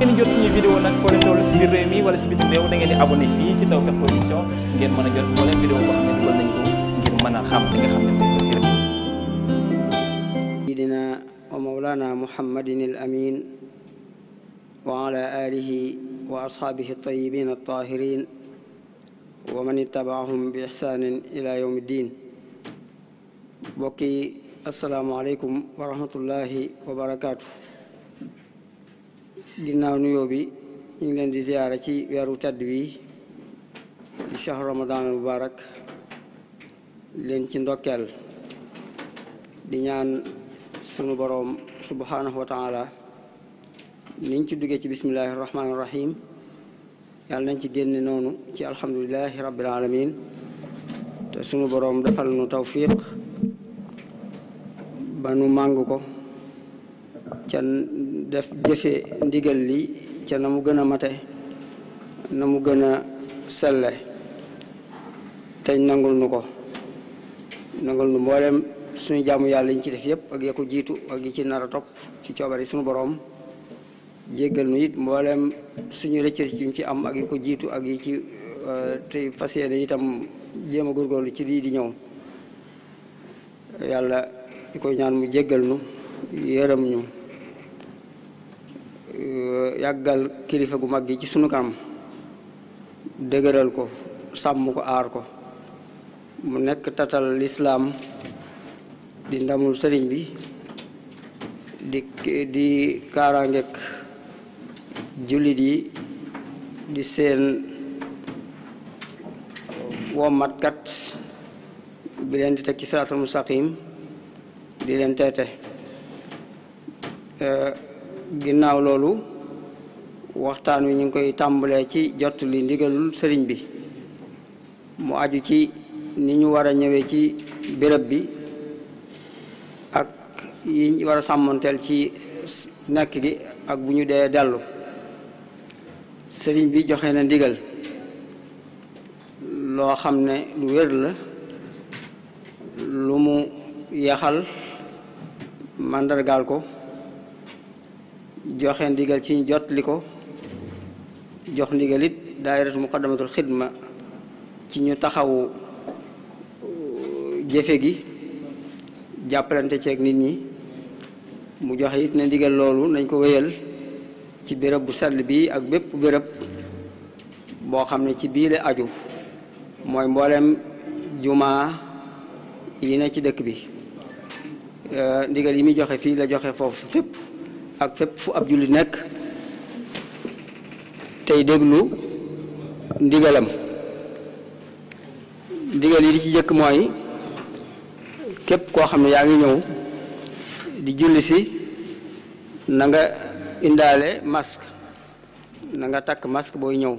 ngeen jot suñu vidéo nag foo leen toll si biir réew mi wala si biir réew da ngeen di abonné fii si Tawfekh Production ngeen mën a jot moo leen vidéo boo xam ne dugal nañ ko ngir mën a xam li nga xam ne moom la rek. Sayyidina wa Mawlana Muhammadin al-Amin wa ala alihi wa ashabihi at-tayyibin at-tahirin wa man ittaba'ahum bi ihsanin ila yawmi ddin mbokk yi asalaamaaleykum wa rahmatullahi wa barakaatu. ginnaaw nuyoo bi leen di ziyaara ci weeru tedd wi di shahru ramadan al mubarak leen ci ndokkeel di ñaan sunu boroom subhanahu wa taala niñ ci duggee ci bismillahi rahmaani rahim yàlla nañ ci génne noonu ci alhamdulilahi rabbil alamin te sunu boroom defal nu tawfiq ba nu màng ko ca def jëfe ndigal li ca na mu gën a mate na mu gën a selle te nangul nu ko nangul nu mboolem suñu jaamu yàlla yiñ ci def yëpp ak ya jiitu ak yi ci nar a topp ci coobare suñu boroom jéggal nu it mboolem suñu rëcc yu yuñ ci am ak yi jiitu ak yi ci euh, tey fas yéene tam jéem a góorgóorlu ci lii di ñëw yàlla di koy ñaan mu jéggal nu yërëm ñu Euh, yàggal kilifa gu mag gi ci sunu kanam dëgëral ko sàmm ko aar ko mu nekk tatal lislaam di ndamul sëriñ bi di di kaaraangeek jullit yi di seen womatkat bi leen di teg ci siraatul mustaqim di leen teete euh, ginnaaw loolu waxtaan wi ñu ngi koy tàmbalee ci jot li ndigalul sëriñ bi mu aju ci ni ñu war a ñëwee ci béréb bi ak yi war a sàmmanteel ci nekk gi ak bu ñu dee dellu sëriñ bi joxe na ndigal loo xam ne lu wér la lu mu yaxal màndargaal ko joxe ndigal ci jot li ko jox ndigal it daayiratu muqaddamatul xidma ci ñu taxawu uh, jëfe gi jàppalante ceeg nit ñi mu joxe it ne ndigal loolu nañ ko wéyal ci béréb bu sell bi ak bépp bërëb boo xam ne ci bii la aju mooy mboolem jumaa yi na ci dëkk bi uh, ndigal yi muy joxe fii la joxe foofu fépp ak fépp fu ab jullit nekk tey déglu ndigalam ndigal yi di ci jëkk mooy képp koo xam ne yaa ngi ñëw di julli si nanga indaale masque nanga takk masque booy ñëw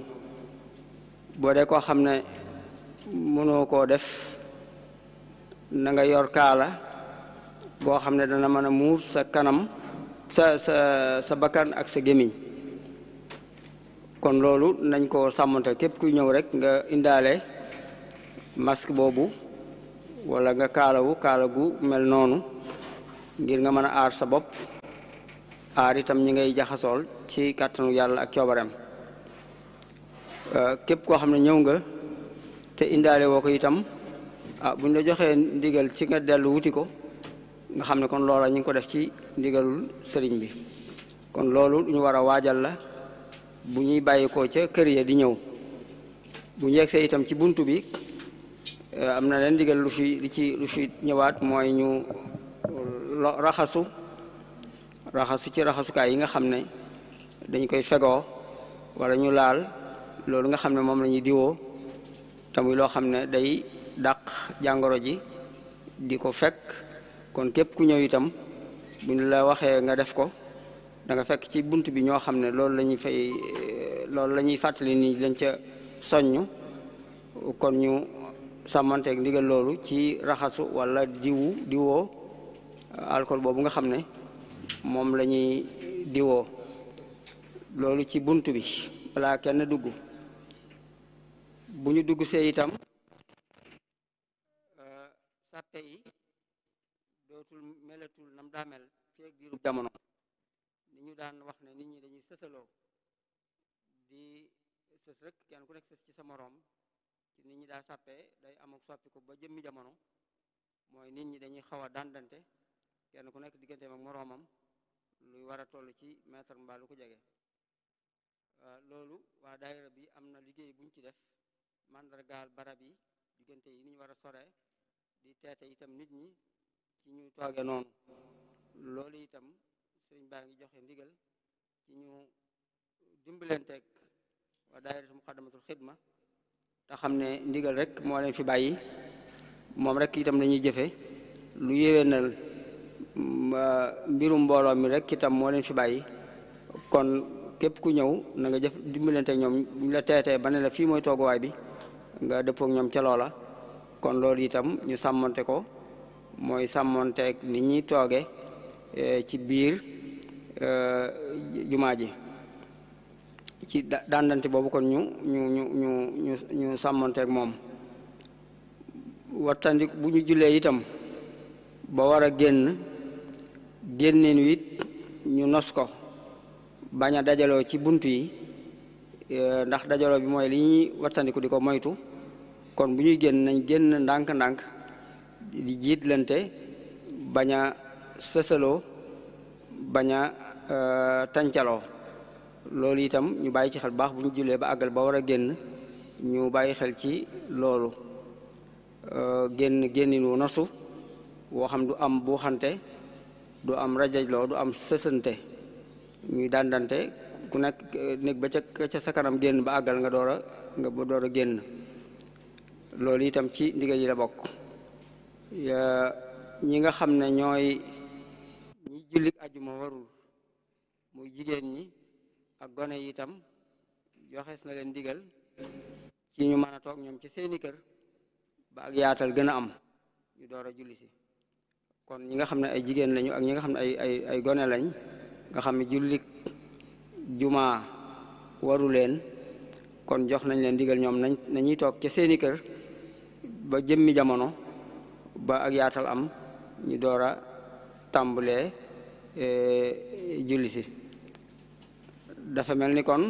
boo dee koo xam ne mënoo koo def na nga yor kaala boo xam ne dana mën a muur sa kanam sa sa sa bakkan ak sa gémmiñ kon loolu nañ ko sàmmante képp kuy ñëw rek nga indaale masque boobu walla nga kaalawu kaala gu mel noonu ngir nga mën a aar sa bopp aar itam ñi ngay jaxasool ci kattanu yàlla ak coobareem euh, képp koo xam ne ñëw nga te indaale woo ko itam ah buñ la joxee ndigal ci nga dellu wuti ko nga xam ne kon loola ñu ngi ko def ci ndigalul sëriñ bi kon loolu lu ñu war a waajal la bu ñuy bàyyikoo ca kër ya di ñëw bu ñu yegsee itam ci bunt bi eh, am na leen ndigal lu fi li ci lu ñëwaat mooy ñu raxasu raxasu ci raxasukaay yi nga xam ne dañ koy fego wala ñu laal loolu nga xam ne moom la ñuy diwoo tamuy loo xam ne day dàq jàngoro ji di ko fekk kon képp ku ñëw itam buñ la waxee nga def ko danga fekk ci bunt bi ñoo xam ne loolu la ñuy fay eh, loolu la ñuy fàttali ni lañ ca soññ kon ñu sàmmanteek ndigal loolu ci raxasu wala diwu diwoo eh, alcool boobu nga xam ne moom la ñuy diwoo loolu ci bunt bi balaa kenn dugg bu ñu dugg see itam eh, sàtte yi dootul melatul nam daa mel feeg diiru jamono ni ñu daan wax ne nit ñi dañuy sësaloo di sës rek kenn ku nekk sës ci sa moroom ci nit ñi daa sàppee day amuk soppi ko ba jëmmi jamono mooy nit ñi dañuy xaw a dandante kenn ku nekk diggante ak moroomam luy war a toll ci mètre mbaa lu jege loolu waa daayira bi am na liggéey buñ ci def mandargaal barab yi diggante yi ni nit ñi ci ñu tooge noonu loolu itam sëriñ baa ngi joxe ndigal ci ñu dimbalenteeg waa daayiratu muqaddamatul xidma te ne ndigal rek moo leen fi bàyyi moom rek itam dañuy jëfe lu yéwénal mbirum mbooloo mi rek itam moo leen fi bàyyi kon képp ku ñëw na nga jëf dimbalenteeg ñoom ñu la teetee ba ne la fii mooy tooguwaay bi nga dëppoog ñoom ca la kon loolu itam ñu sàmmante ko mooy sàmmonteeg ni ñuy tooge eh, ci biir eh, jumaa ji ci dandante boobu kon ñu ñu ñu ñu ñu ñu moom wattandi bu ñu jullee itam ba war a génn génneen wit ñu nos ko bañ dajaloo ci bunt yi eh, ndax dajaloo bi mooy li ñuy wattandiku di ko moytu kon bu ñuy génn nañ génn ndànk-ndànk di jiitlante baña a sësaloo baña a euh, tancaloo loolu itam ñu bàyyi ci xel baax bu ñu jullee ba àggal ba war a génn ñu bàyyi xel ci loolu euh, génn génnin wu nosu woo du am buuxante du am rajajloo du am sësante ñuy dandante ku nekk nekk ba ca ca sa kanam génn ba àggal nga door a nga door a génn loolu itam ci ndigal yi la bokk ñi nga xam ne ñooy ñi jullik ajuma warul muy jigéen ñi ak gone yi itam joxees na leen digal ci ñu mën a toog ñoom ci seeni kër ba ak yaatal gën a am ñu door a julli si kon ñi nga xam ne ay jigéen lañu ak ñi nga xam ne ay ay ay gone lañ nga xam ne jullik juma waruleen kon jox nañ leen digal ñoom nañ nañuy toog ca seeni kër ba jëmmi jamono ba ak yaatal am ñu door a tàmbalee e, julli si dafa mel ni kon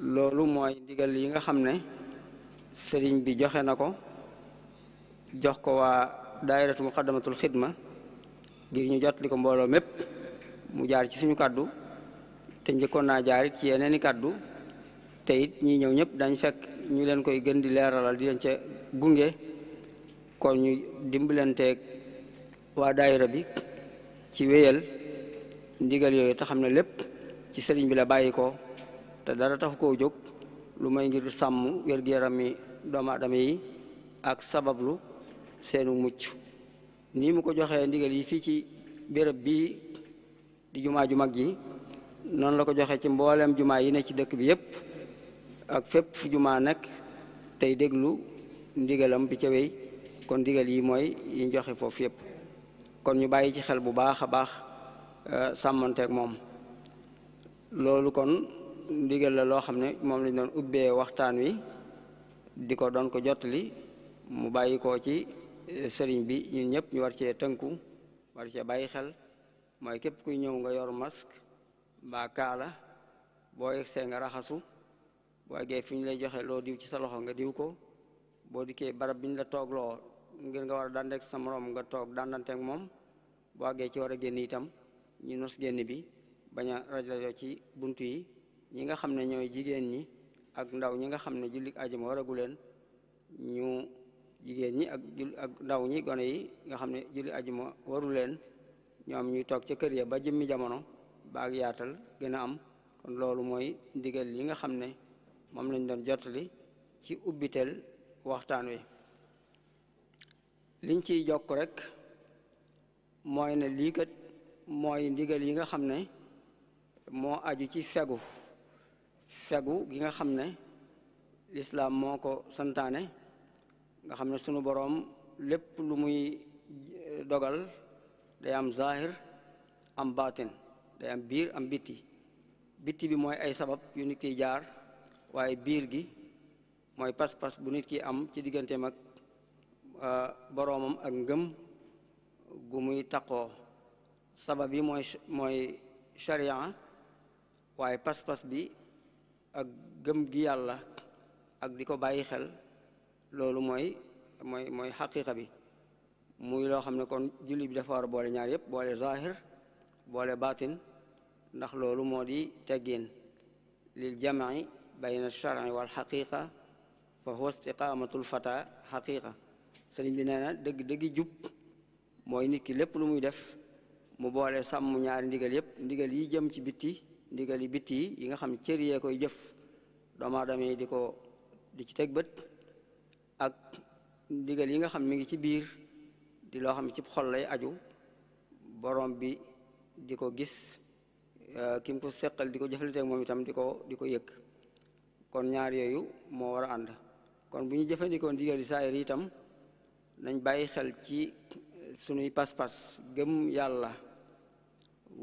loolu mooy ndigal yi nga xam ne sëriñ bi joxe na ko jox ko waa daayiratu muqaddamatul xidma ngir ñu jot ko mbooloo mépp mu jaar ci suñu kàddu te njëkkoon naa jaar it yeneen yeneeni kàddu te it ñi ñëw ñëpp dañ fekk ñu leen koy gën di leeralal di leen ca gunge kon ñu dimbalanteeg waa daayira bi ci wéyal ndigal yooyu taxam na lépp ci sëriñ bi la bàyyi ko te dara tax koo jóg lu may ngir sàmm wér yaram mi doomu yi ak sabablu seenu mucc nii mu ko joxee ndigal yi fii ci béréb bii di jumaa ju mag yi noonu la ko joxe ci mboolem jumaa yi ne ci dëkk bi yépp ak fépp fu jumaa nekk tey déglu ndigalam bi ca kon ndigal yi mooy yiñ joxe foofu yëpp kon ñu bàyyi ci xel bu baax a baax euh, sàmmonteeg moom loolu kon ndigal la loo xam ne moom lañ doon ubbee waxtaan wi di ko doon ko jottali mu bàyyi koo ci euh, sëriñ bi ñun ñëpp ñu war cee tënku war cee bàyyi xel mooy képp kuy ñëw nga yor mask mbaa kaala boo yegsee nga raxasu boo eggee fi ñu lay joxe loo diw ci sa loxo nga diw ko boo dikkee barab bi ñu la toogloo ngir nga war a danteeg sa morom nga toog dandanteeg moom boo àggee ci war a génn itam ñu nos génn bi bañ rajo rajo ci bunt yi ñi nga xam ne ñooy jigéen ñi ak ndaw ñi nga xam ne jullit ajuma waragu leen ñu jigéen ñi ak ak ndaw ñi gone yi nga xam ne jullit ajuma waru leen ñoom ñuy toog ca kër ya ba jëmmi jamono ba ak yaatal gën a am kon loolu mooy ndigal yi nga xam ne moom lañ doon jottali ci ubbiteel waxtaan wi liñ ciy jokk rek mooy ne lii kat mooy ndigal yi nga xam ne moo aju ci fegu fegu gi nga xam ne lislaam moo ko santaane nga xam ne sunu boroom lépp lu muy eh, dogal day am zahir am baatin day am biir am bitti bitti bi mooy ay sabab yu nit kiy jaar waaye biir gi mooy pas-pas bu nit ki am ci digganteem ak boroomam ak ngëm gu muy taqoo sabab yi mooy mooy sharia waaye pas-pas bi ak gëm gi yàlla ak di ko bàyyi xel loolu mooy mooy mooy xaqiqa bi muy loo xam ne kon julli bi dafa boole ñaar yëpp boole zahir boole batin ndax loolu moo di teggin lil jamci bayna sharci wal xaqiqa fa huwa istiqaamatul fata xaqiqa sëriñ bi nee na dëgg dëggi jub mooy nit ki lépp lu muy def mu boole sàmm ñaari ndigal yépp ndigal yi jëm ci bitti ndigal yi bitti yi nga xam cër yee koy jëf doomu aadama yi di ko di ci teg bët ak ndigal yi nga xam mi ngi ci biir di loo xam ci xol lay aju borom bi di ko gis e, ki mu ko seqal di ko jëflanteeg moom itam di ko di ko yëg kon ñaar yooyu moo war a ànd kon bu ñu jëfandikoo ndigal yi saayir itam nañ bàyyi xel ci sunuy pas-pas gëm yàlla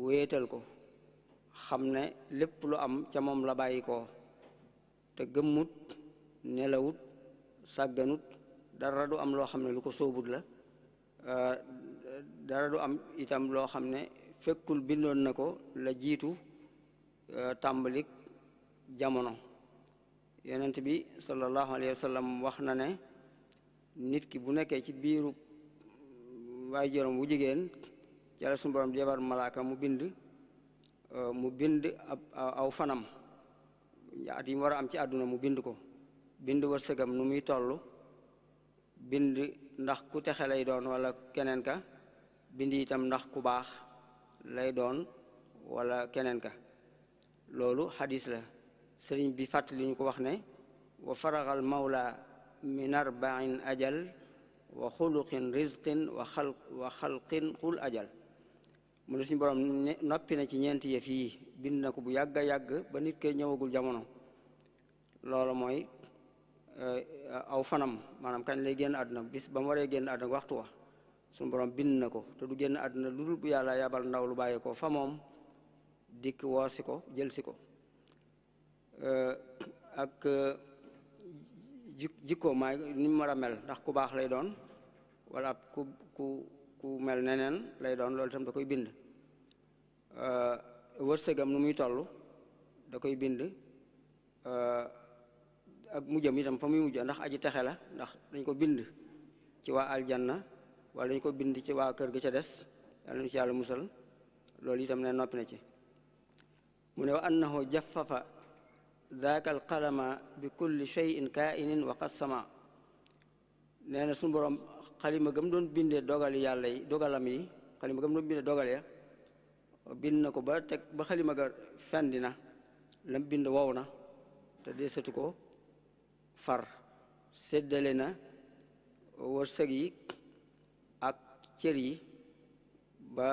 wéetal ko xam ne lépp lu am ca moom la bàyyi koo te gëmmut nelawut sàgganut dara du am loo xam ne lu ko sóobut la dara du am itam loo xam ne fekkul bindoon na ko la jiitu tàmbalik jamono yonent bi sallallahu alayhi wa wax na ne nit ki bu nekkee ci biiru waay jorom bu jigéen ci la suñu malaaka mu bind euh, mu bind ab aw fanam at yi war a am ci àdduna mu bind ko bind wërsëgam nu muy toll bind ndax ku texe lay doon wala keneen ka bind itam ndax ku baax lay doon wala keneen ka loolu xadis la sëriñ bi fàttali ñu ko wax ne wa faraxal mawla min arbain ajal wa xuluqin rizqin wa xal wa xalqin xul ajal mu ne suñu borom noppi na ci ñeenti yëf yi bind na ko bu yàgg yàgg ba nit koy ñëwagul jamono loolu mooy euh, aw fanam maanaam kañ lay génn àdduna bis ba mu waree génn àdduna waxtu wa suñu borom bind na ko te du génn àdduna lu dul bu yàlla yabal ndaw lu bàyyi ko fa moom dikk woo si ko jël si ko euh, ak euh, ji jikko maay ni mu a mel ndax ku baax lay doon wala ku ku ku mel neneen lay doon loolu tam da koy bind euh, wërsëgam nu muy toll da koy bind euh, ak mujjam itam fa muy mujj ndax aji texe la ndax dañ ko bind ci waa aljanna wala dañ ko bind ci waa kër ga ca des yàlla na ci yàlla musal loolu itam ne noppi na ci mu ne wa annahu jaffafa zaaka alqalama bi kulli cheyin kainin wa qassama nee na suñu borom xalima gam doon bindee dogal yàlla yi dogalam yi xalima gam doon bindee dogal ya bind na ko ba teg ba xalima ga fendi na lam bind wow na te deesatu ko far seddale na wërsëg yi ak cër yi ba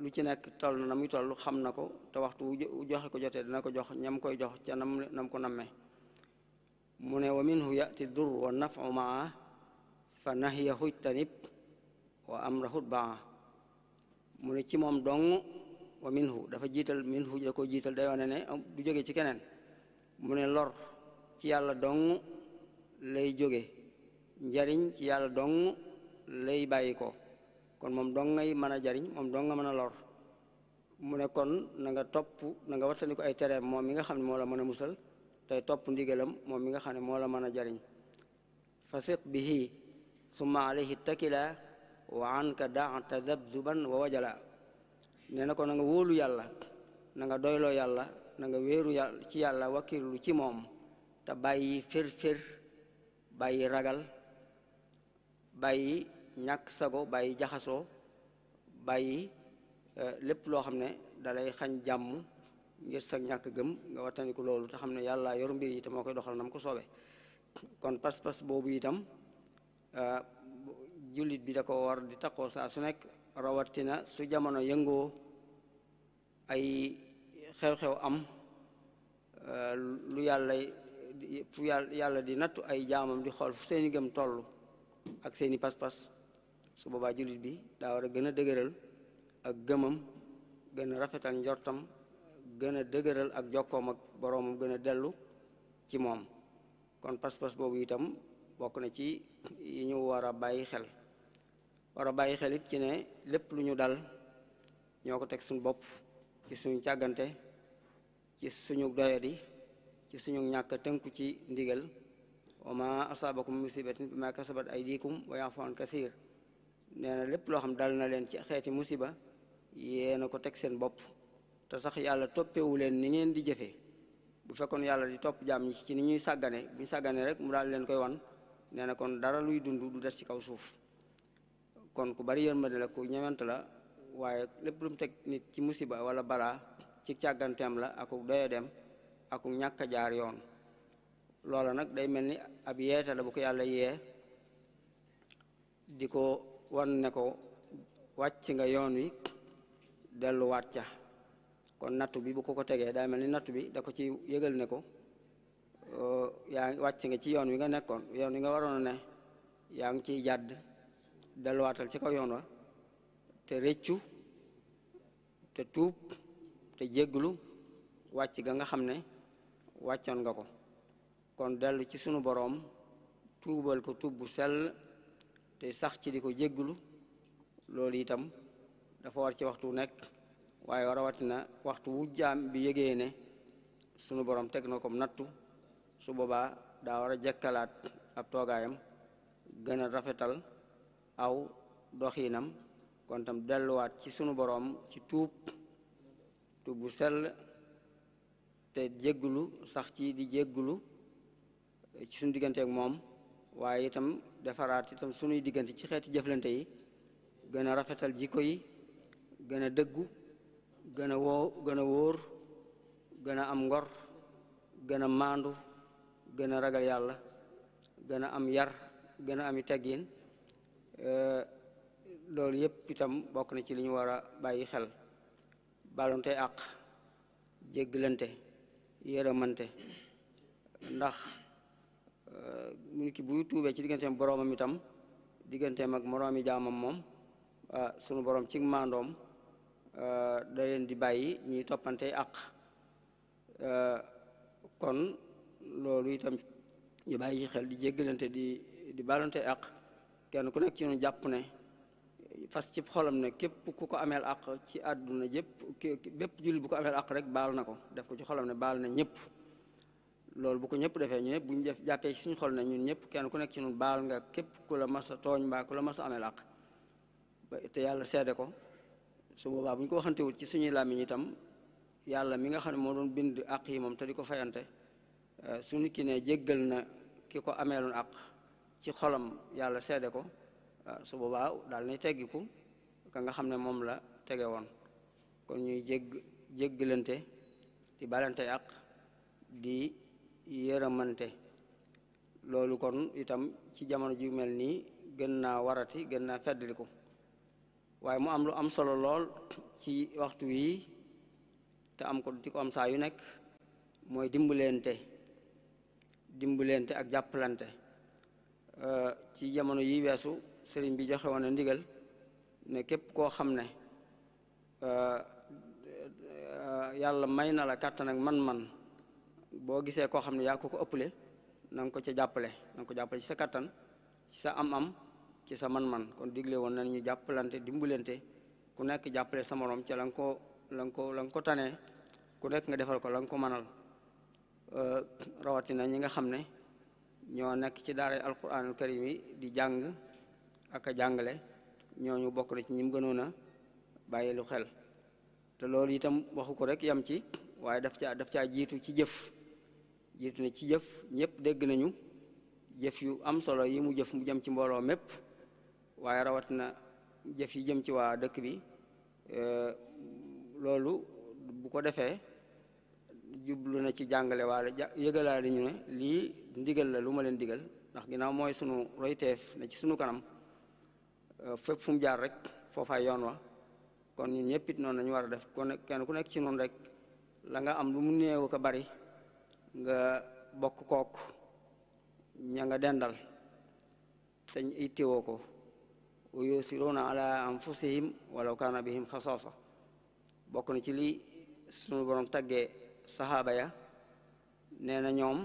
lu ci nekk toll na muy toll xam na ko te waxtu wu joxe ko jotee dina ko jox ñam koy jox ca nam nam ko nammee mu ne wa minhu yati dur wa nafu maa fa nahiyahu tanib wa amrahu baa mu ne ci moom dong wa minhu dafa jiital minhu da ko jiital day wane ne du jóge ci keneen mu ne lor ci yàlla dong lay jóge njariñ ci yàlla dong lay bàyyi ko kon moom dong ngay mën a jariñ moom dong nga mën a lor mu ne kon na nga topp na nga wattandi ko ay tereem moom mi nga xam ne moo la mën a musal tey topp ndigalam moom mi nga xam ne moo la mën a jariñ fasiq bihi summa alayhi takila wa anka daa tadabzuban wa wajala nee na ko na nga wóolu yàlla nanga doyloo yàlla nanga nga yàlla ci yàlla wakkirlu ci moom te bàyyi fër fër bàyyi ragal bàyyi ñàkk sago bàyyi jaxasoo bàyyi euh, lépp loo xam ne dalay xañ jàmm ngir sa ñàkk gëm nga wattandiku loolu te xam ne yàlla yor mbir yi te moo koy doxal nam ko soobee kon pas-pas boobu itam euh, jullit bi da ko war di takkoo saa su nekk rawatina su jamono yëngoo ay xew-xew am euh, lu yàlla fu yàlla di nattu ay jaamam di xool fu seeni gëm toll ak seeni pas-pas su boobaa jullit bi daa war a gën a dëgëral ak gëmam gën a rafetal njortam gën a dëgëral ak jokkoom ak boroomam gën a dellu ci moom kon pas-pas boobu itam bokk na ci yi ñu war a bàyyi xel war bàyyi xel it ci ne lépp lu ñu dal ñoo ko teg suñu bopp ci suñu càggante ci suñu doyadi ci suñu ñàkk tënku ci ndigal wa ma asaabakum musibatin bi ma kasabat aydikum wa yafu an kasir nee na lépp loo xam dal na leen ci xeeti musiba yéena ko teg seen bopp te sax yàlla toppewu leen ni ngeen di jëfee bu fekkoon yàlla di topp jaam ci ni ñuy sàggane bu ñu sàggane rek mu daal leen koy wan nee na kon dara luy dund du des ci kaw suuf kon ku bari yërmande la ku ñewent la waaye lépp lu mu teg nit ci musiba wala balaa ci càgganteem la aku doya dem aku ñàkk jaar yoon loola nag day mel ni ab yeete la bu ko yàlla yee di ko wan ne ko wàcc nga yoon wi delluwaat ca kon nattu bi bu ko ko tegee daa mel ni nattu bi da ko ci yëgal ne ko yaa ngi nga ci yoon wi nga nekkoon yoon wi nga waroon a ne yaa ngi ciy jàdd delluwaatal ci ko yoon wa te rëccu te tuub te jégglu wàcc ga nga xam ne wàccoon nga ko kon dellu ci sunu boroom tuubal ko tuub bu sell te sax ci di ko jégglu loolu itam dafa war ci waxtu nekk waaye rawatina waxtu wu jaam bi yëgee ne sunu borom teg na ko nattu su boobaa daa war a jëkkalaat ab toogaayam gën a rafetal aw doxiinam kon tam delluwaat ci sunu borom ci tuub tuub bu sell te jégglu sax ci di jégglu ci sunu digganteek moom waaye itam defaraat itam sunuy diggante ci xeeti jëflante yi gën a rafetal jikko yi gën a dëggu gën a woo gën a wóor gën a am ngor gën a maandu gën a ragal yàlla gën a am yar gën a ami teggin euh, loolu yépp itam bokk na ci li ñu war a bàyyi xel balonte àq jéggalante yërëmante ndax Euh, nit ki buy tuubee ci digganteem boroomam itam digganteem ak moroomi jaamam moom ah, sunu boroom ci maandoom ah, da leen di bàyyi ñuy toppante àq ah, kon loolu itam ñu bàyyi xel di jéggalante di di baalante àq kenn ku nekk ci ñu jàpp ne fas ci xolam ne képp ku ko ameel àq ci àdduna jëpp bépp jullit bu ko ameel àq rek baal na ko def ko ci xolam ne baal na ñëpp loolu bu ko ñëpp defee ñu ñëpp bu ñu def jàppee ci suñu xol na ñun ñëpp kenn ku nekk ci ñun baal nga képp ku la mas a tooñ mbaa ku la masa a amee làq te yàlla seede ko su boobaa bu ñu ko waxantewul ci suñuy làmmiñ itam yàlla mi nga xam ne moo doon bind àq yi moom te di ko fayante euh, su ki ne jéggal na ki ko ameeloon àq xolam yàlla seede ko euh, su boobaa daal nay teggiku ka nga xam ne moom la tege woon kon ñuy jégg jéggalante di balante àq di yërëmante loolu kon itam ci jamono ji mel nii gën naa warati gën naa feddliku waaye mu am lu am solo lool ci waxtu wii te am ko di ko am saa yu nekk mooy dimbalente dimbalante ak jàppalante ci jamono yi weesu sëriñ bi joxe woon na ndigal ne képp koo xam ne yàlla may na la kàttan ak man-man boo gisee koo xam ne yaa ko ko ëppale le nga ko ca jàppale na ko jàppale ci sa kattan ci sa am-am ci sa man-man kon digle woon nan ñu jàppalante dimbulante ku nekk jàppale sa morom ca la nga ko la ko la tanee ku nekk nga defal ko la nga ko mënal euh, rawatina ñi nga xam ne ñoo nekk ci daara alquranul karim yi di jàng ak a jàngale ñooñu bokk na ci ñi mu gënoon a bàyyi lu xel te loolu itam waxu ko rek yam ci waaye daf caa daf caa jiitu ci jëf yit na ci jëf ñëpp dégg nañu jëf yu am solo yi mu jëf mu jëm ci mbooloo mépp waaye rawat na jëf yi jëm ci waa dëkk bi euh, loolu bu ko defee jublu na ci jàngale waale yëgalaale ñu ne lii ndigal la lu ma leen digal ndax ginnaaw mooy sunu royteef na ci sunu kanam euh, fépp fu jaar rek foofaay yoon wa kon ñun ñëpp it noonu lañu war a def kon kenn ku nekk ci noonu rek la nga am lu mu néew ko bari nga bokk kook ña nga dendal te ittewoo ko wa yusiruuna ala anfusihim walaw kaana bihim xasaasa bokk na ci lii sunu borom taggee saxaaba ya nee na ñoom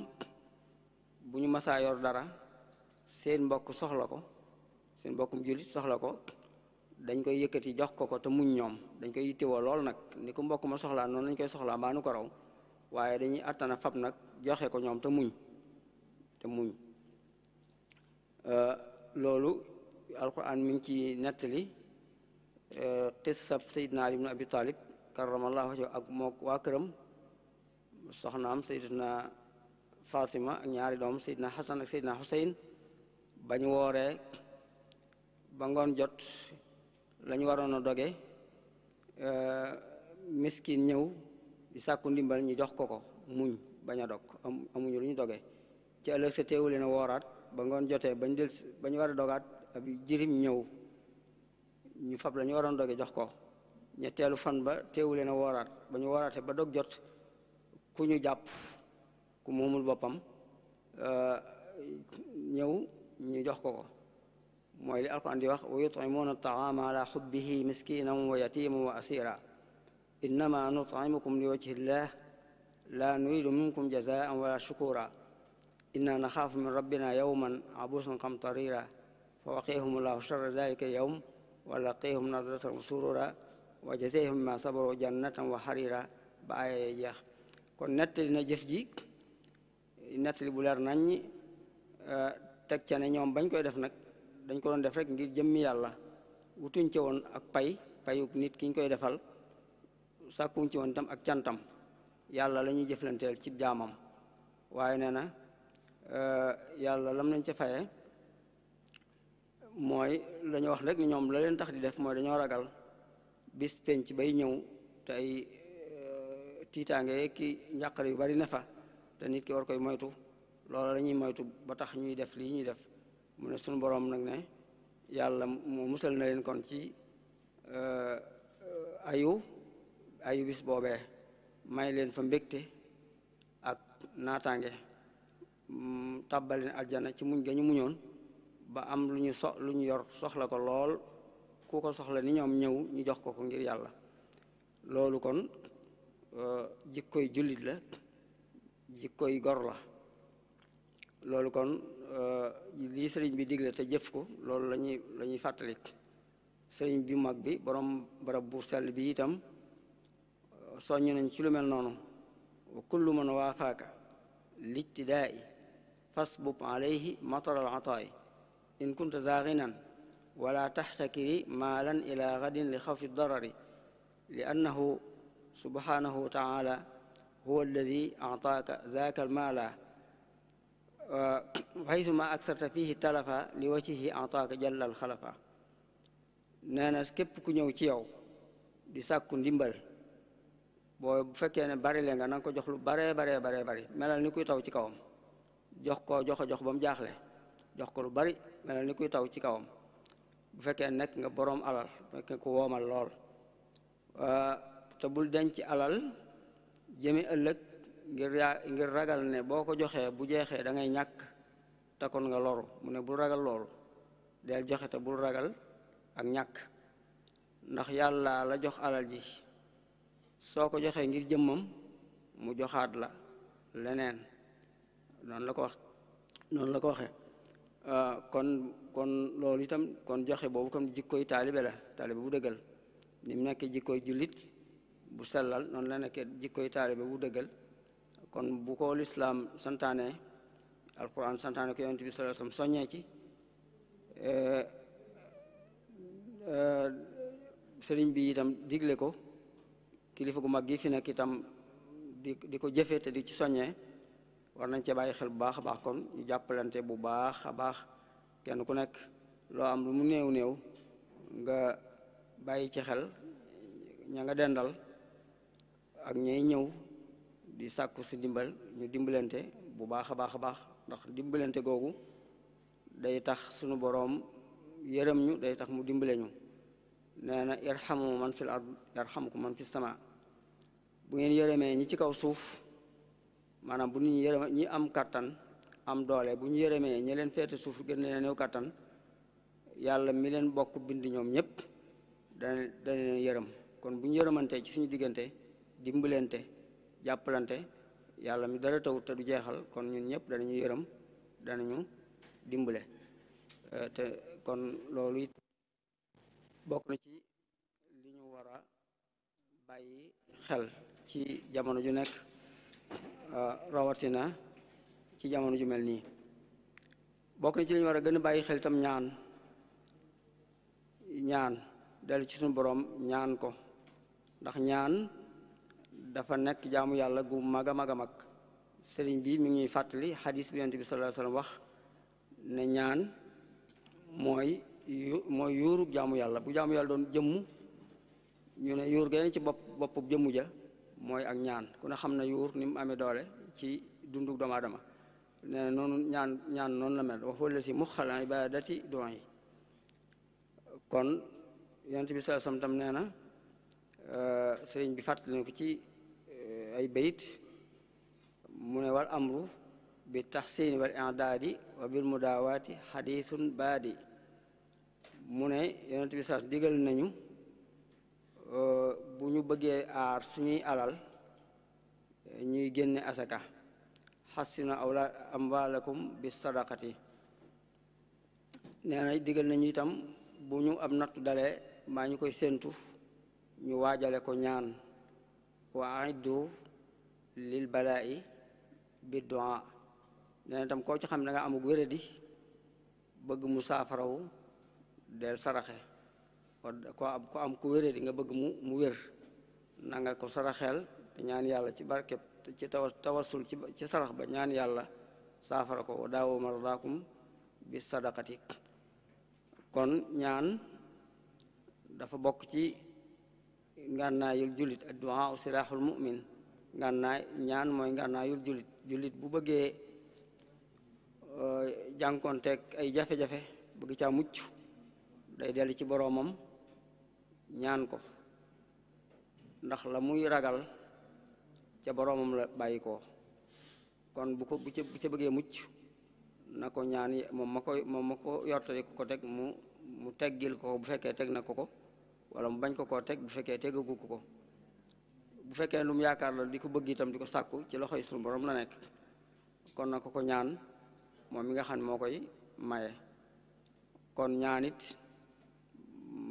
bu ñu masaa yor dara seen mbokk soxla ko seen mbokkum jullit soxla ko dañ koy yëkkati jox ko ko te muñ ñoom dañ koy yittewoo lool nag ni ko mbokk ma soxlaa noonu lañ koy soxlaa mbaa nu ko raw waaye dañuy attana fab nag joxe ko ñoom te muñ te muñ euh, loolu alquran mi ngi ci nettali euh, qissab sayidna ali ibn abi talib karamallahu wajhu ak mook waa këram soxnaam sayidna fatima ak ñaari doom sayidna hasan ak sayidna husayn bañ wooree ba ngoon jot lañ waroon a doge euh, miskin ñëw di sàkku ndimbal ñu jox ko ko muñ bañ a dog am amuñu lu ñu dogee ci ëllëg sa teewu leen a wooraat ba ngoon jotee bañ del ba war a dogaat ab jirim ñëw ñu fab lañu ñu waroon doge jox ko ñetteelu fan ba teewu leen a wooraat ba ñu wooraatee ba dog jot ku ñu jàpp ku moomul boppam euh, ñëw ñu jox ko ko mooy li alquran di wax wa yut'imuna at-ta'ama ala hubbihi miskinan wa yatiman wa asira إنما نطعمكم لوجه الله لا نريد منكم جزاء ولا شكورا إنا نخاف من ربنا يوما عبوسا قمطريرا فوقيهم الله شر ذلك اليوم ولقيهم نظرة وسرورا وجزيهم ما صبروا جنة وحريرا ba aaya jeex kon nettali na jëf ji nettali bu leer naññi euh, teg ca ne ñoom bañ koy def nag dañ ko doon def rek ngir jëmmi yàlla wutuñ ca woon ak pay payuk nit ki ñu koy defal sàkkuñ ci woon tam ak cantam yàlla la ñuy jëflanteel ci jaamam waaye nee na euh, yàlla lam lañ ca faye mooy dañoo wax rek ñoom la leen tax di def mooy dañoo ragal bis penc bay ñëw te ay euh, tiitaange ki njàqare yu bari ne fa te nit ki war koy moytu loolu lañuy moytu ba tax ñuy def lii ñuy def mu ne suñu boroom nag ne yàlla mu musal na leen kon ci euh, ayu ayu bis boobee may leen fa mbégte ak naataange mm, tàbbal leen aljana ci muñ ga ñu muñoon ba am lu ñu so lu ñu yor soxla ko lool ku ko soxla ni ñoom ñëw ñu jox ko ko ngir yàlla loolu kon euh, jikkoy jullit la jikkoy gor la loolu kon euh, lii sëriñ bi digle te jëf ko loolu lañuy la ñuy fàttalik sëriñ bi mag bi borom barab bu sell bi itam soññ nañ ci lu mel noonu wa kullu man waafaaka littidaai fasbub alayhi matar al ataay in kunta zaaginan wala taxtakiri maalan ila gadin li xawfi darari li annahu subhanahu wa taala huwa alladi ataaka zaaka al maala xaytu ma aksarta fihi talafa li wajhihi ataaka jalla al xalafa nee na képp ku ñëw ci yow di sàkku ndimbal boo bu fekkee ne bari leen nga na ko jox lu baree baree baree bari melal ni kuy taw ci kawam jox ko jox jox ba mu jaaxle jox ko lu bari melal ni kuy taw ci kawam bu fekkee nekk nga boroom alal nekk nga ko woomal lool te bul denc alal jëmi ëllëg ngir ragal ne boo ko joxee bu jeexee da ngay ñàkk te kon nga loru mu ne bul ragal loolu del joxe te bul ragal ak ñàkk ndax yàlla la jox alal ji soo ko joxee ngir jëmmam mu joxaat la leneen noonu la ko wax noonu la ko waxe euh, kon kon loolu itam kon joxe boobu kon jikkoy taalibe la taalibe bu dëggal ni mu nekk jikkoy jullit bu sellal noonu la nekkee jikkoy taalibe bu dëggal kon bu ko lislaam santaane alquran santaane ko yonent bi sallallahu alayhi wasallam soññee ci euh, euh, sëriñ bi itam digle ko kilifa gu mag gi fi nekk itam di di ko jëfee te di ci soññee war nañ cee bàyyi xel bu baax a baax kon ñu jàppalante bu baax a baax kenn ku nekk loo am lu mu néew néew nga bàyyi ci xel ña nga dendal ak ñay ñëw di sàkku si dimbal ñu dimbalante bu baax a baax a baax ndax dimbalante googu day tax sunu boroom yërëm ñu day tax mu dimbale ñu nee na irhamu man fil ard yarhamku man fis sama bu ngeen yërëmee ñi ci kaw suuf maanaam bu ñu yërëmee ñi am kattan am doole bu ñu yërëmee ñi leen féete suuf gën leen néew kattan yàlla mi leen bokk bind ñoom ñëpp dana dana leen yërëm kon bu ñu yërëmantee ci suñu diggante dimbalante jàppalante yàlla mi dara tawut te du jeexal kon ñun ñëpp danañu yërëm danañu dimbale euh, te kon loolu it bokk na ci li ñu war a bàyyi xel ci jamono ju nekk ah, rawatina ci jamono ju mel nii bokk na ci li war a gën a bàyyi xel itam ñaan ñaan dellu ci suñu boroom ñaan ko ndax ñaan dafa nekk jaamu yàlla gu mag a mag a mag sëriñ bi mu ngiy fàttali xadis bi yonent bi wax ne ñaan mooy mooy yuurug jaamu yàlla bu jaamu yàlla doon jëmm ñu ne yuur gën ci bopp bopp ja mooy ak ñaan ku ne xam na yuur ni mu amee doole ci dundug doomu aadama nee noonu ñaan ñaan noonu la mel wax wala si muxala ibadati doon yi kon yonent bi sallallahu alayhi wasallam tam nee na euh, sëriñ bi fàttali ko ci euh, ay bayit mu ne wal amru bi taxsini wal i'dadi wa bil mudawati xadithun baadi mu ne yonent bi sallallahu alayhi digal nañu bu ñu bëggee aar suñuy alal ñuy génne asaka xasina awla amwaalakum bi sadaqati nee na digal nañu itam bu ñu am nattu dalee maa ñu koy séentu ñu waajale ko ñaan wa aiddu lil balaa'i bi du'a nee na itam koo ci xam ne da nga amug wéradi bëgg mu saafarawu del saraxe ko am am ku wéree di nga bëgg mu mu wér na ko saraxeel te ñaan yàlla ci barkeb ci tawa tawasul ci sarax ba ñaan yàlla saafara ko wa daawu mardaakum bi sadaqati kon ñaan dafa bokk ci ngànnaayul jullit addu'a u silaaxul mu'min ngànnaay ñaan mooy ngànnaayul jullit jullit bu bëggee euh, jànkoonteeg ay jafe-jafe bëgg caa mucc day dellu ci boroomam ñaan ko ndax la muy ragal ca boroomam la bàyyi ko kon bu ko bu ca ca bëggee mucc na ko ñaan yi moom ma koy moom ma ko yortali ko teg mu mu teggil ko bu fekkee teg na ko ko wala mu bañ ko koo teg bu fekkee tegagu ko ko bu fekkee num yaakaar la di ko bëgg itam di ko sàkku ci loxoy sunu borom la nekk kon na ko ko ñaan moom mi nga xam ne moo koy maye kon ñaan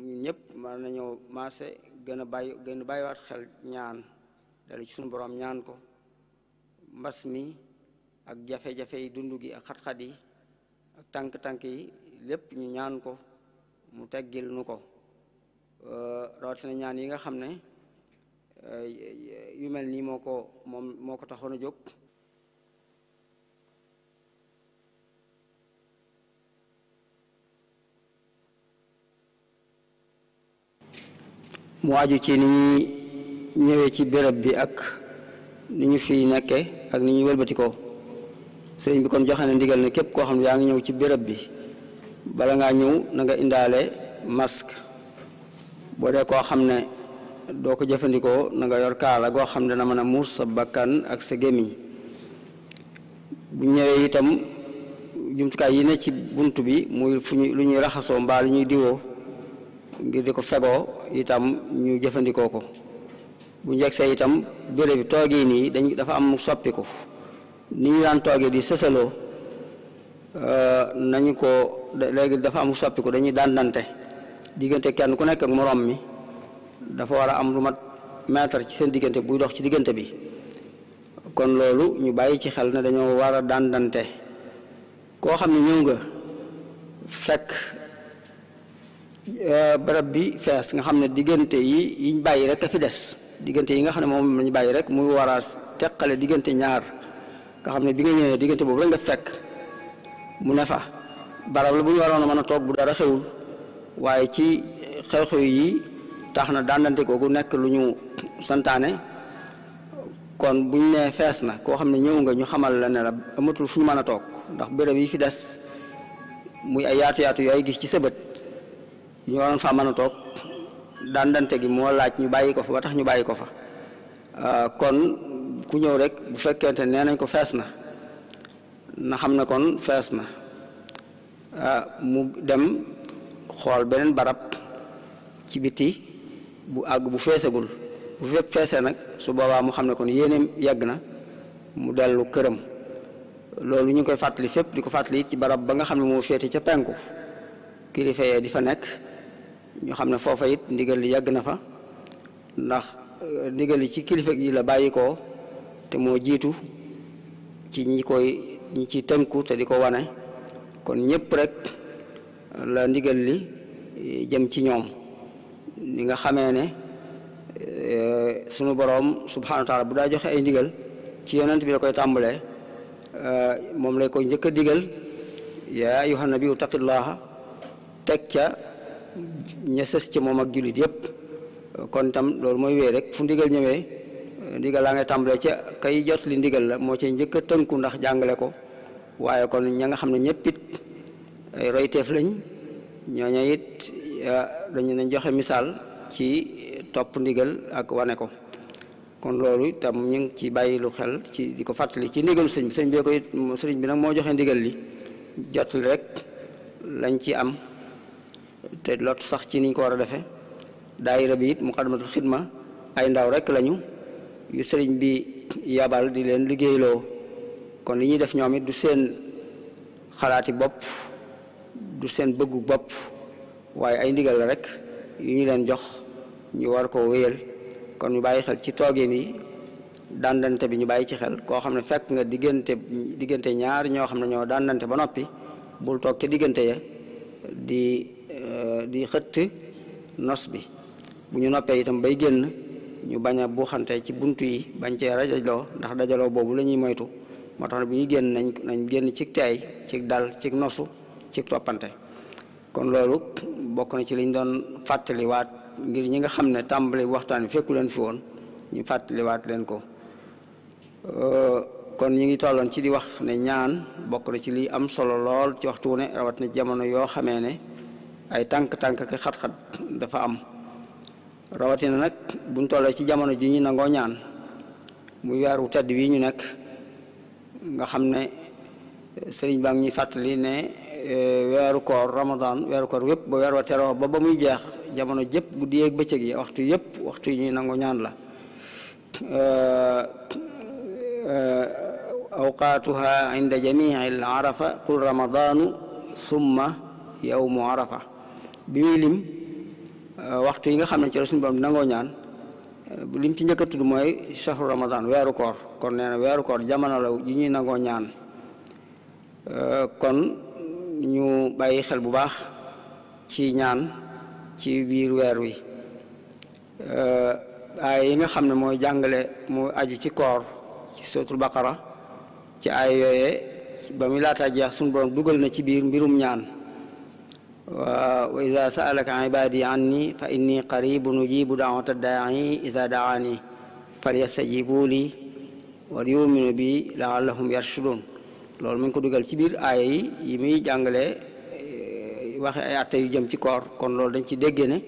ñun ñëpp mën nañoo maase gën a bàyyi gën a bàyyiwaat xel ñaan dalu ci suñu borom ñaan ko mbas mi ak jafe-jafe yi dund gi ak xat-xat yi ak tànk-tànk yi lépp ñu ñaan ko mu teggil nu ko euh, rawatina ñaan yi nga xam ne euh, yu mel nii moo ko moom moo ko taxoon a jóg mu aju ci ni ñëwee ci bërëb bi ak ni ñu fi nekke ak ni ñuy wëlbatikoo sëriñ bi kon joxe na ndigal ne képp koo xam ne yaa ngi ñëw ci béréb bi bala ngaa ñëw nanga nga indaale masque boo dee koo xam ne doo ko jëfandikoo na nga yor kaala goo xam ne dana mën a muur sa bakkan ak sa gémmiñ bu ñëwee itam jumtukaay yi ne ci bunt bi muy fu ñu lu ñuy raxasoo mbaal lu ñuy diwoo ngir di ko fegoo itam ñu jëfandikoo ko bu njëkk see itam béréb bi toogii nii dañ dafa am soppiku ni ñu daan toogee di sësaloo nañu ko léegi dafa am soppiku dañuy dandante diggante kenn ku nekk ak moroom mi dafa war a am lu mat mètre ci seen diggante buy dox ci diggante bi kon loolu ñu bàyyi ci xel ne dañoo war a dàndante koo xam ne ñëw nga fekk Eh, bërëb bi fees nga xam ne diggante yi yiñ bàyyi rek a fi des diggante yi nga xam ne moom lañu bàyyi rek mu war a teqale diggante ñaar nga xam ne bi nga ñëwee diggante boobu rek nga fekk mu ne fa barab la bu ñu waroon a mën a toog bu dara xewul waaye ci xew-xew yi tax na dandante googu nekk lu ñu santaane kon bu ñu nee fees na koo xam ne ñëw nga ñu xamal la ne la amatul fu ñu mën a toog ndax béréb yi fi des muy ay yaatu yaatu yooyu gis ci sa ñu waroon fa mën a toog dandante gi moo laaj ñu bàyyi ko fa ba tax ñu bàyyi ko fa euh, kon ku ñëw rek bu fekkente nee nañ ko fees na na xam ne kon fees na euh, mu dem xool beneen barab ci biti bu àgg bu feesagul bu fépp feesee nag su boobaa mu xam ne kon yéeneem yegg na mu dellu këram loolu ñu ngi koy fàttali fépp di ko fàttali ci barab ba nga xam ne moo féete ca penku kilifa di fa nekk ñu xam ne foofa it ndigal li yàgg na fa ndax euh, ndigal li ci kilifa gi la bàyyi ko te moo jiitu ci ñi koy ñi ci tënku te di ko wane kon ñëpp rek la ndigal li euh, jëm ci ñoom li nga xamee ne euh, sunu boroom subhanahu wa bu daa joxe ay ndigal ci yonent bi la koy tàmbalee moom lay koy njëkk a digal yaa ayyuhan nabiyyu taqillaha teg ca ña sës ci moom ak jullit yëpp kon tam loolu mooy wéy rek fu ndigal ñëwee ndigal laa ngay tàmbalee ca kay jot li ndigal la moo ci njëkk a tënku ndax jàngale ko waaye kon ña nga xam ne ñëpp it ay royteef lañ ñooña it dañu nañ joxe misaal ci topp ndigal ak wane ko kon loolu tam ñu ngi ci bàyyi lu xel ci di ko fàttali ci ndigal sëñ bi sëñ bi koy sëriñ bi nag moo joxe ndigal li jot li rek lañ ci am te lot sax ci niñ ko war a defee daayira bi it muqaddamatul xidma ay ndaw rekk lañu yu sëriñ bi yabal di leen liggéeyloo kon li ñuy def ñoom it du seen xalaati bopp du seen bëggu bopp waaye ay ndigal la rek yu ñu leen jox ñu war koo wéyal kon ñu bàyyi xel ci toogin yi dandante bi ñu bàyyi ci xel koo xam ne fekk nga diggante diggante ñaar ñoo xam ne ñoo dandante ba noppi bul toog ca diggante ya di di xëtt nos bi bu ñu noppee itam bay génn ñu bañ a buuxante ci bunt yi bañ cee rajaloo ndax dajaloo boobu lañuy moytu moo tax bu ñuy génn nañ nañ génn cig teey cig dal cig nosu cig toppante kon loolu bokk na ci liñ doon fàttaliwaat ngir ñi nga xam ne tàmbali waxtaan bi fekku leen fi woon ñu fàttaliwaat leen ko kon ñu ngi tolloon ci di wax ne ñaan bokk na ci li am solo lool ci waxtu ne rawat na jamono yoo xamee ne ay tànk-tànk ak xat-xat dafa am rawatina nag buñ tollee ci jamono ji ñu nangoo ñaan muy weer wu tedd wi ñu nekk nga xam ne sëriñ baa ngi ñuy fàttali ne e, weeru koor ramadan weeru koor yëpp ba weer wa teroo ba ba muy jeex jamono jépp guddi yeeg bëccëg yi waxtu yëpp waxtu yi ñuy nangu ñaan la e, e, awqaatuha inda jamiil arafa qul ramadanu summa yawmu arafa bi muy lim euh, waxtu yi nga xam ne ci la suñu borom nangoo ñaan euh, lim ci njëkk a tudd mooy shahru ramadan weeru koor kon nee na weeru koor jamono la ji ñuy nangoo ñaan euh, kon ñu bàyyi xel bu baax ci ñaan ci biir weer wi aay yi nga xam ne mooy jàngale mu aj ci koor ci suratul baqara ci ay yooyee ba muy laataa jeex suñu borom dugal na ci biir mbirum ñaan wa ida saalaka ibadi anni fa inni qaribun ujibu daawata daai ida daani falyastajibu li wal yuminu bi laallahum yarshudun loolu mu ngi ko dugal ci biir aaya yi yi muy jàngale eh, waxe ay atte yu jëm ci koor kon loolu dañ ci dégg ne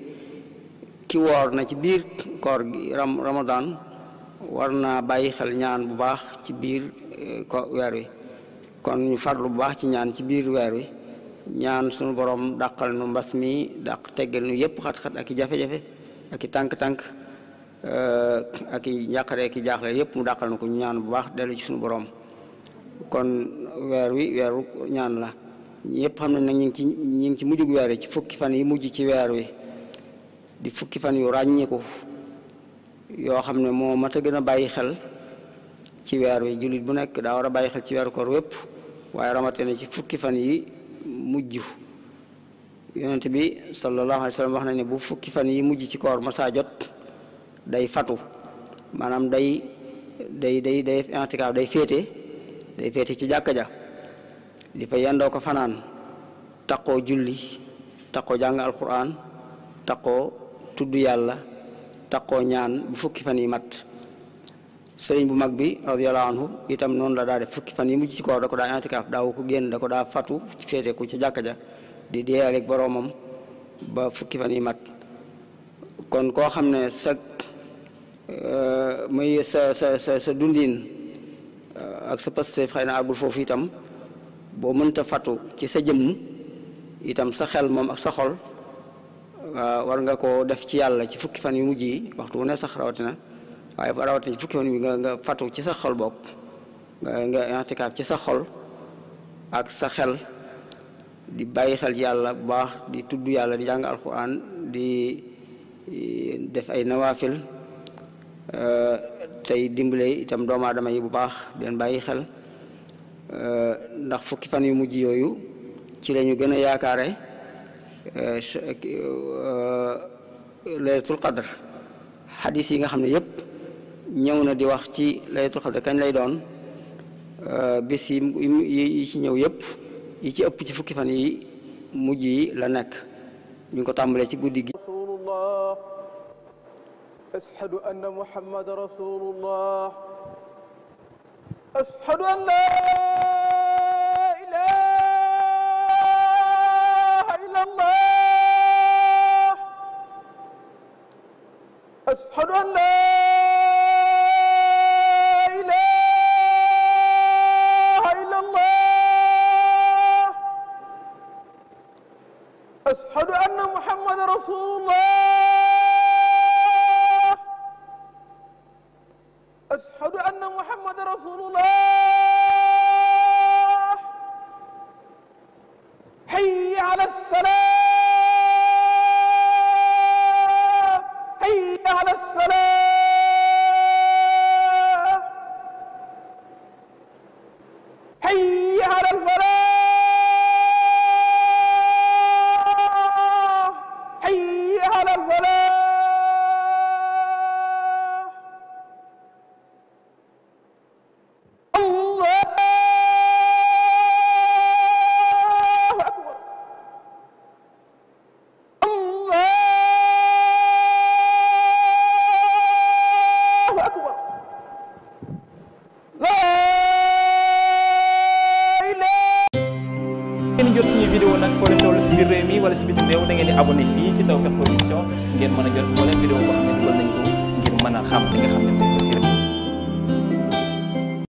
ki woor na ci biir koor gi ramadan war naa bàyyi xel ñaan bu baax ci biir eh, ko weer wi kon farlu bu baax ci ñaan ci biir weer wi ñaan sunu borom dàqal nu mbas mi dàq teggal nu yépp xat-xat ak i jafe-jafe ak tànk-tànk euh, ak i njàqare ak i jaaxle yépp mu dàqal nu ko ñu ñaan bu baax dellu ci sunu boroom kon weer wi weeru ñaan la ñëpp xam nañ nag ñu ngi ci ñu ngi ci mujjug weer yi ci fukki fan yi mujj ci weer wi di fukki fan yu ràññeeku yoo xam ne moo mat gën a bàyyi xel ci weer wi jullit bu nekk daa war a bàyyi xel ci weeru koor wépp waaye ramatee na ci fukki fan yi mujj yonent bi sallallahu alayhi wax na ne bu fukki fan yi mujj ci koor masaa jot day fatu maanaam day day day day intikaaf day féete day féete ci jàkka ja li fa yendoo ko fanaan taqoo julli taqoo jàng alquran takkoo tudd yàlla taqoo ñaan bu fukki fan yi mat sëriñ bu mag bi radiyallahu anhu itam noonu la daa def fukki fan yi mujj ci koor da ko daa intikaaf daaw ko génn da ko daa fatu féeteku ci jàkka ja di dee rek boroomam ba fukki fan yi mat kon koo xam ne sa muy sa sa dundin sa ak sa pastéef xëy na àggul foofu itam boo mënta fatu ci sa jëmm itam sa xel moom ak sa xol war nga koo def ci yàlla ci fukki fan yu mujj yi waxtu wu ne sax rawatina waaye rawatina ci fukki fan bi nga nga fatu ci sa xol bokk nga intikaaf ci sa xol ak sa xel di bàyyi xel yàlla bu baax di tudd yàlla di jàng alquran di eh, def ay nawaafil eh, tey dimbale itam doomu yi bu baax di bàyyi xel eh, ndax fukki fan yu mujj yooyu ci lañu ñu gën a yaakaare laylatul qadr xadis yi nga xam ne yépp ñëw na di wax ci laylatul xadr kañ lay doon euh, bis yi ci ñëw yëpp yi ci ëpp ci fukki fan yi mujj yi la nekk ñu ko tàmbalee ci guddi gi rasulullah ashhadu anna muhammadan rasulullah ashhadu an la أشهد أن محمد رسول الله